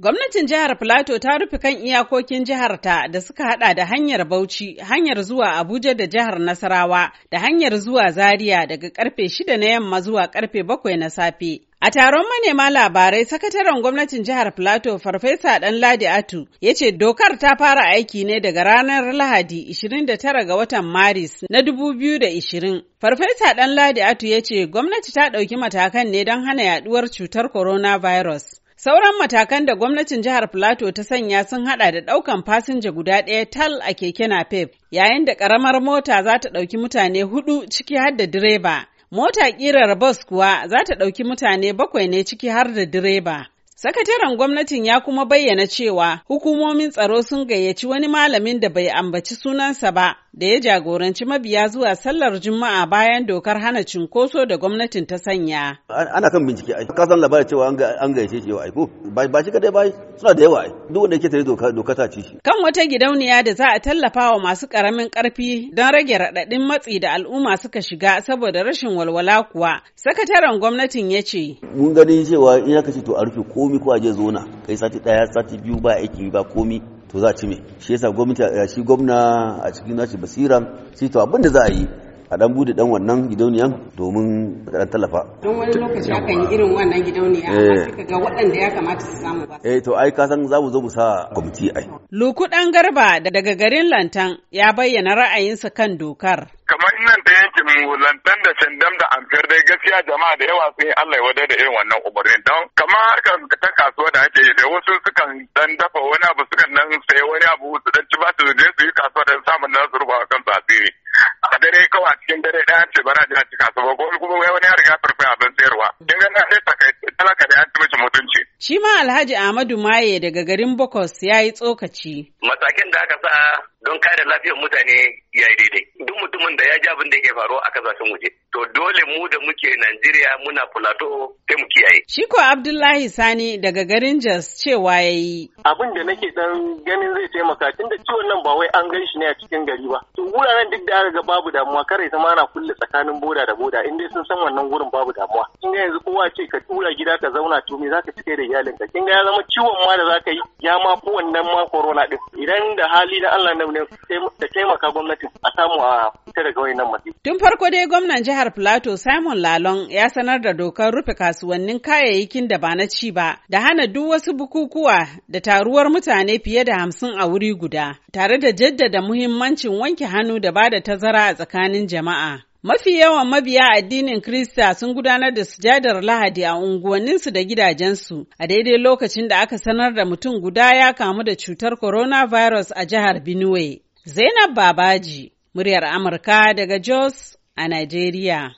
Gwamnatin jihar Filato ta rufe kan iyakokin Jihar ta da suka hada da hanyar Bauchi, hanyar zuwa Abuja da jihar Nasarawa, da hanyar zuwa Zaria daga karfe shida na yamma zuwa karfe bakwai na safe. A taron manema labarai, sakataren gwamnatin jihar Filato Farfesa Danladi Atu ya ce dokar ta fara aiki ne daga ranar Lahadi 29 ga watan Maris na 2020. Farfesa Danladi Atu ya ce gwamnati ta ɗauki matakan ne don hana yaduwar cutar coronavirus. Sauran matakan da gwamnatin jihar Filato ta sanya sun hada da daukan fasinja guda ɗaya tal a keke napep yayin da ƙaramar mota za ta ɗauki mutane hudu ciki har da direba. Mota ƙirar bus kuwa za ta ɗauki mutane bakwai ne ciki har da direba. Sakataren gwamnatin ya kuma bayyana cewa hukumomin tsaro sun gayyaci wani malamin da bai ambaci sunansa ba da ya jagoranci mabiya zuwa sallar Juma'a bayan dokar hana cinkoso da gwamnatin ta sanya. Ana kan bincike ai. Ka san labarin cewa an gaishe shi yau ai ko? Ba shi kadai ba? suna da yawa ai. Duk wanda yake tare doka doka ta ci shi. Kan wata gidauniya da za a tallafa wa masu karamin karfi don rage raɗaɗin matsi da al'umma suka shiga saboda rashin walwala kuwa. Sakataren gwamnatin ya ce. Mun gani cewa in ya kashe to a rufe komi ko a je zona kai sati ɗaya sati biyu ba aiki ba komi to za ci me shi yasa gwamnati eh, shi gwamna a cikin nashi basira shi to abin da za a yi a dan bude dan wannan gidauniyan domin dan tallafa don wani lokaci aka yi irin wannan gidauniya eh. amma ga waɗanda ya kamata su samu ba eh to ai ka san za mu zo mu sa kwamiti ai dan garba daga garin lantan ya bayyana ra'ayinsa kan dokar kamar nan da mu lantan da shandam da amfiyar dai gaskiya jama'a da yawa sun yi Allah ya wadai da irin wannan umarnin don kamar ta kasuwa da ake yi da wasu sukan dan dafa wani abu su yi wani abu su dan ci ba su je su yi kasuwa dan samun nasu ruba a kan ne a dare kawai a cikin dare ɗaya ce bara a ci kasuwa ko kuma wani ya riga farfa abin sayarwa kin ga na sai kai talaka da ya ci mutunci Shi ma Alhaji Ahmadu Maye daga garin Bokos ya yi tsokaci. Matakin da aka sa don kare lafiyar mutane ya yi daidai. Duk mutumin da ya ji abin da yake faruwa a kasashen waje. to dole mu da muke Najeriya muna plateau ta mu kiyaye. Shi Abdullahi Sani daga garin Jos cewa yayi. Abin da nake dan ganin zai taimaka tun da ciwon nan ba wai an gan shi ne a cikin gari ba. To wuraren duk da aka ga babu damuwa kare zama ana kulle tsakanin boda da boda in dai sun san wannan gurin babu damuwa. Kin ga yanzu kowa ce ka tura gida ka zauna to me zaka cike da ka? Kin ga ya zama ciwon ma da zaka yi ya ma ko wannan ma corona din. Idan da hali da Allah na ne da taimaka gwamnati, a samu a fita daga nan matsi. Tun farko dai gwamnan jihar jihar Plateau Simon Lalong ya sanar da dokar rufe kasuwannin kayayyakin da ba na ci ba da hana duk wasu bukukuwa da taruwar mutane fiye da hamsin a wuri guda, tare da jaddada muhimmancin wanke hannu da ba da tazara a tsakanin jama'a. Mafi yawan mabiya addinin Krista sun gudanar da sujadar Lahadi a unguwanninsu da gidajensu a daidai lokacin da aka sanar da mutum guda ya kamu da cutar coronavirus a jihar Benue. Zainab Babaji, muryar Amurka daga Jos a Najeriya.